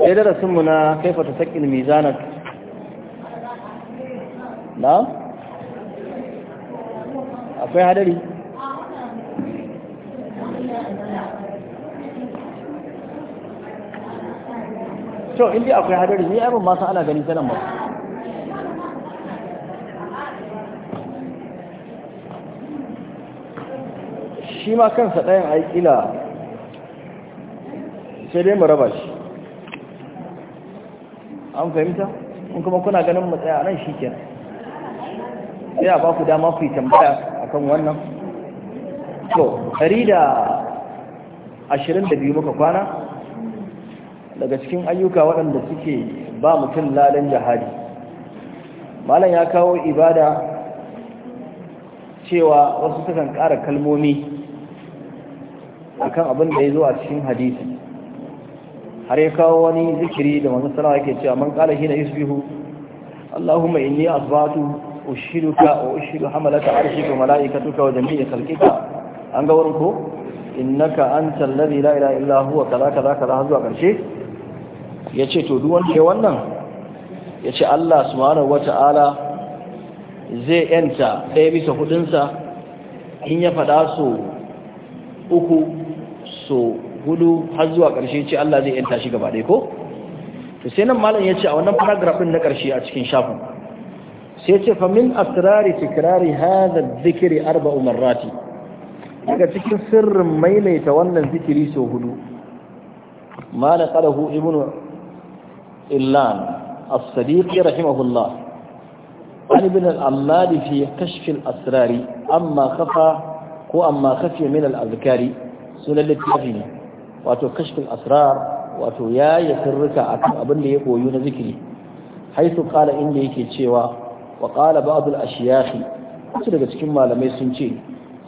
sai darasinmu na kaifa ta sakin mizanar na? akwai hadari to inda akwai hadari ne abin masu ana gani sanan ba shi ma kansa ɗayan aikila sai dai mu raba shi an fahimta in kuma kuna ganin mu tsaya nan shi kenan sai a baku dama ku yi tambaya akan wannan to ɗari da ashirin biyu muka kwana daga cikin ayyuka waɗanda suke ba mutum ladan jihadi malam ya kawo ibada cewa wasu sukan ƙara kalmomi akan abin da ya zo a cikin hadisi har ya kawo wani zikiri da manzon sallallahu yake cewa man qala hina yusbihu Allahumma inni asbatu ushiruka wa ushiru hamalata arshika wa malaikatuka wa jami'i khalqika an ga wurin ko innaka antal ladhi la ilaha illa huwa kaza kaza kaza har zuwa karshe yace to duk wanda ya wannan yace Allah subhanahu wata'ala zai yanta ɗaya bisa hudunsa in ya faɗa so uku so hudu har zuwa ƙarshe ce Allah zai yanta shi gaba ɗaya ko to sai nan malam ya ce a wannan paragraph na ƙarshe a cikin shafin sai ce fa min asrari tikrari hadha dhikri arba'u marrati daga cikin sirrin mailaita wannan zikiri sau hudu ma naqalahu ibnu illan as-sadiq rahimahullah عن ابن العمال amma كشف ko amma خفى وأما خفي من الأذكار سنة التافين wato kashfin asrar wato ya yi sirrika akan abin da ya koyu na zikiri haisu kala inda yake cewa wa kala ba'dul ashiyahi wasu daga cikin malamai sun ce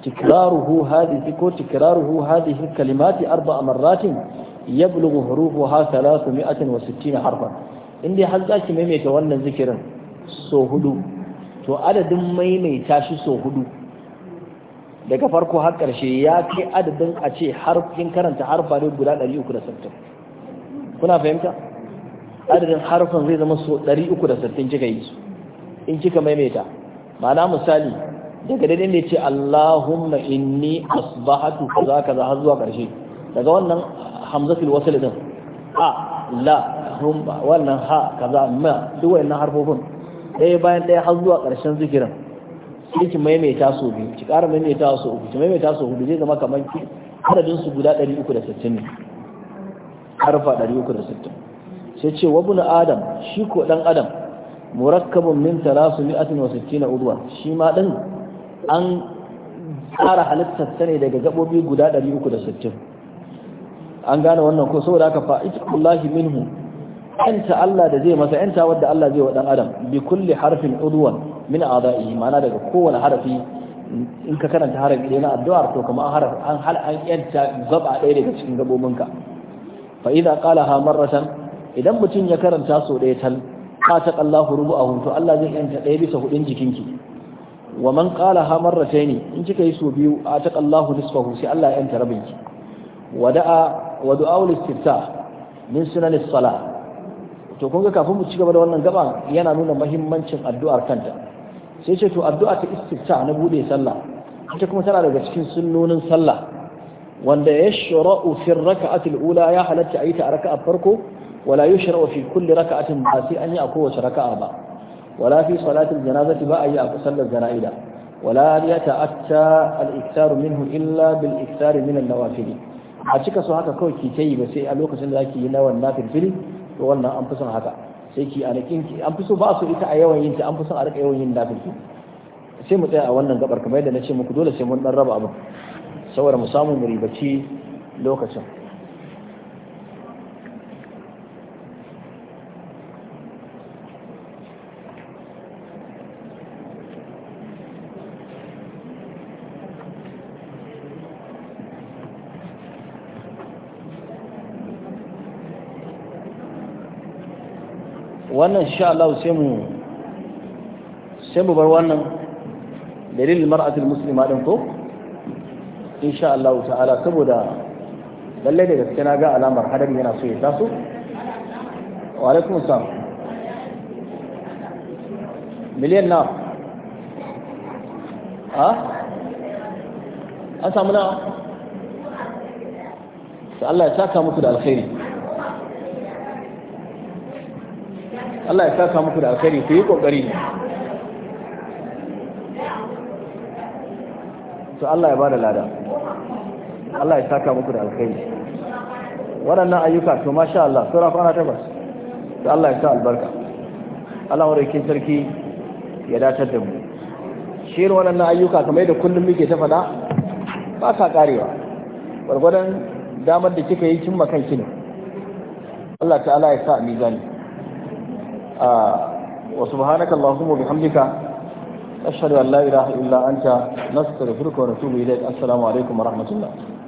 tikraruhu hadhihi ko tikraruhu hadhihi kalimati arba'a marratin yablughu hurufuha 360 harfan inda har zaki maimaita wannan zikirin so hudu to adadin maimaita shi so hudu daga farko har ƙarshe ya kai adadin a ce harfin karanta harfa ne guda 360 kuna fahimta adadin harfin zai zama so 360 kika yi su in kika maimaita ma'ana misali daga daidai ne ce Allahumma inni asbahatu kaza kaza har zuwa ƙarshe daga wannan fil wasu din a la hum wannan ha kaza ma duk na harfofin ɗaya bayan ɗaya har zuwa ƙarshen zikirin sai ki maimaita su biyu ki ƙara maimaita su uku ki maimaita su hudu zai zama kamar ki adadin su guda 360 ne harfa 360 sai ce wa bunu adam shi ko dan adam murakkabun min 360 udwa shi ma din an tsara halittar ta ne daga gabobi guda 360 an gane wannan ko saboda haka fa ittaqullahi minhu anta Allah da zai masa yanta wadda Allah zai wa dan adam bi kulli harfin udwan min a'da'i ma'ana daga kowane harafi in ka karanta harafi ɗaya na addu'ar to kamar harafi an hal an yanta gaba ɗaya daga cikin gabobinka fa idza qala ha marratan idan mutum ya karanta so ɗaya tan qata Allahu rubu'ahu to Allah zai yanta ɗaya bisa hudin jikinki wa man qala ha marratayn in kika yi so biyu A ta Allahu nisfahu sai Allah ya yanta rabinki wa da'a wa du'aul istiftah min sunan as-salah to kun ga kafin mu ci gaba da wannan gaban yana nuna muhimmancin addu'ar kanta sai ce to addu'a ta istifta na bude sallah ita kuma tana daga cikin sunnonin sallah wanda ya shara'u fi raka'ati al-ula ya halatta yi ta raka'a farko wala yushra'u fi kulli raka'atin ba sai an yi a kowace raka'a ba wala fi salati al-janazati ba a yi a sallar jana'ida wala yata'atta al-iktaru minhu illa bil iktari min an-nawafil a cika so haka kawai ki yi ba sai a lokacin da zaki yi na wannan nafil to wannan an fi son haka sai ki anakin ki an fi so ba su ita a yawan yin ta an fi so a rika yawan yin nafil sai mu tsaya a wannan gabar kamar yadda na ce muku dole sai mun dan raba abin saboda mu samu muribaci lokacin wannan shi Allah sai mu sai mu bar wannan dalilin mar'atul muslima din ko insha Allah ta'ala saboda lalle da gaske na ga alamar hadari yana so ya taso wa alaikum assalam miliyan na ha an samu na Allah ya saka muku da alkhairi Allah ya saka muku da alkhairi ku yi kokari to Allah ya bada lada Allah ya saka muku da alkhairi waɗannan ayyuka to masha Allah sura fara tabbas to Allah ya sa albarka Allah warkin sarki ya datar da mu shi waɗannan ayyuka kamar yadda kullum muke ta faɗa ba sa karewa gwargwadon damar da kika yi cimma kanki ne Allah ta'ala ya sa mizani wa subhanaka allahumma bihamdika ashhadu an la ilaha illa anta nastaghfiruka wa natubu ilayk assalamu alaikum wa rahmatullah